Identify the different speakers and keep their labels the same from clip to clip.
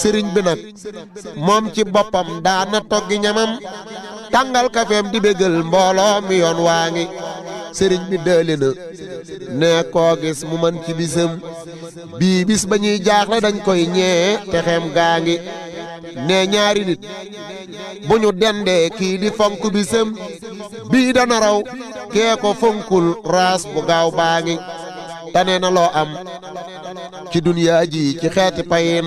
Speaker 1: sëriñ bi nag moom ci boppam daana toggi ñamam tàngal kafeem di bégal mbooloo mi yoon waa ngi sëriñ bi dëli na ne koo gis mu man ci bisam bii bis ba ñuy jaaxle dañ koy ñee te gaa ngi ne ñaari nit bu ñu dendee kii di fonk bisam bii dana raw kee ko fonkul raas bu gaaw baa ngi tane na loo am ci dunyaa ji ci xeeti payin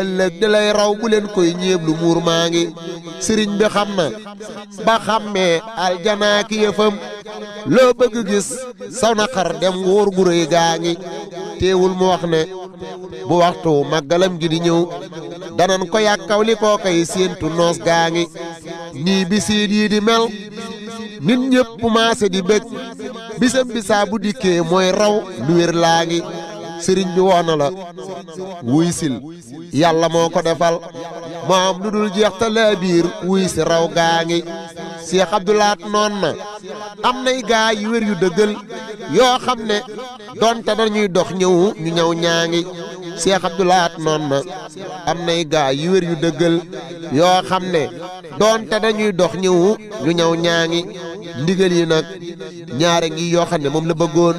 Speaker 1: ëllëg di lay raw bu leen koy ñéeblu muur maa ngi sëriñ bi xam na ba xàmmee aljanaaki yëfam loo bëgg gis saw na dem wóor gu rëy gaa ngi teewul mu wax ne bu waxtu màggalam gi di ñëw danan ko yàkkaw kay séentu noos gaa ngi nii bisiit yii di mel nit ñépp maase di bëgg bisam bisaa bu dikkee mooy raw lu wér laa ngi sëriñ bi woo na la wuy sil yàlla moo ko defal moo lu dul jeex te laa biir wuy si raw gaa ngi Seex Abdulaat noon na am nay gaa yu wér yu dëggal yoo xam ne doon donte dañuy dox ñëw ñu ñëw ñaa ngi Seex Abdulaat noon na am nay gaa yu wér yu dëggal yoo xam ne donte dañuy dox ñëw ñu ñëw ñaa ngi ndigal yi nag ñaare ngi yoo xam ne moom la bëggoon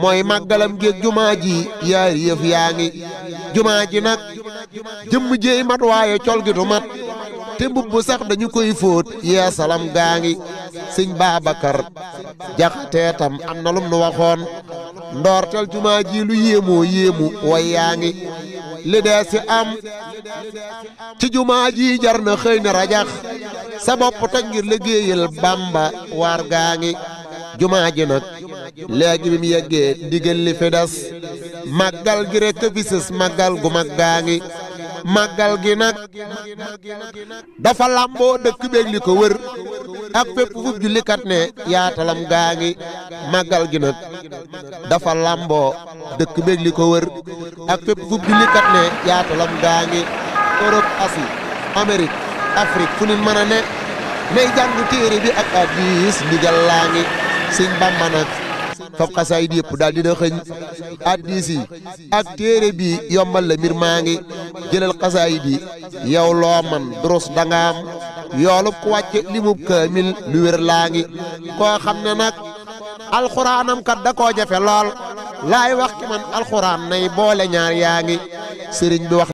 Speaker 1: mooy màggalam géeg jumaa ji yaari yëf yaa ngi jumaa nag jëmm jéey mat waaye col mat te mbubb sax dañu koy fóot yeesalam gaa ngi sëñ Babacar jaxatee tam am na lum nu waxoon ndoortel jumaa ji lu yéemoo yéemu way yaa ngi li si am ci jumaa ji jar na xëy na rajax sa bopp toj ngir liggéeyal Bamba waar gaa ngi nag legi bi mi yegge digel li fi magal màggal gi rek magal magal gu mag gi nak dafa lambo dekk be li ko wër ak fépp fu kat ne ya talam gangi magal gi nak dafa lambo dekk be li ko wër ak fépp fu kat ne ya talam gangi Europe asi Amérique Afrique fu nit mën ne nay jàng bi ak hadiis ni galangi seigne bamba nak fab xasaayid yëpp daal dina xëñ addis yi ak téere bi yombal la mbir maa ngi jëlal xasaayid yi yow loo man durus dangaam yoolub ku wàcce limub kaamil lu wér laa ngi koo xam ne nag alxuraanam kat da ko jafe lool laay wax ki man alxuraan nay boole ñaar yaa ngi sëriñ bi wax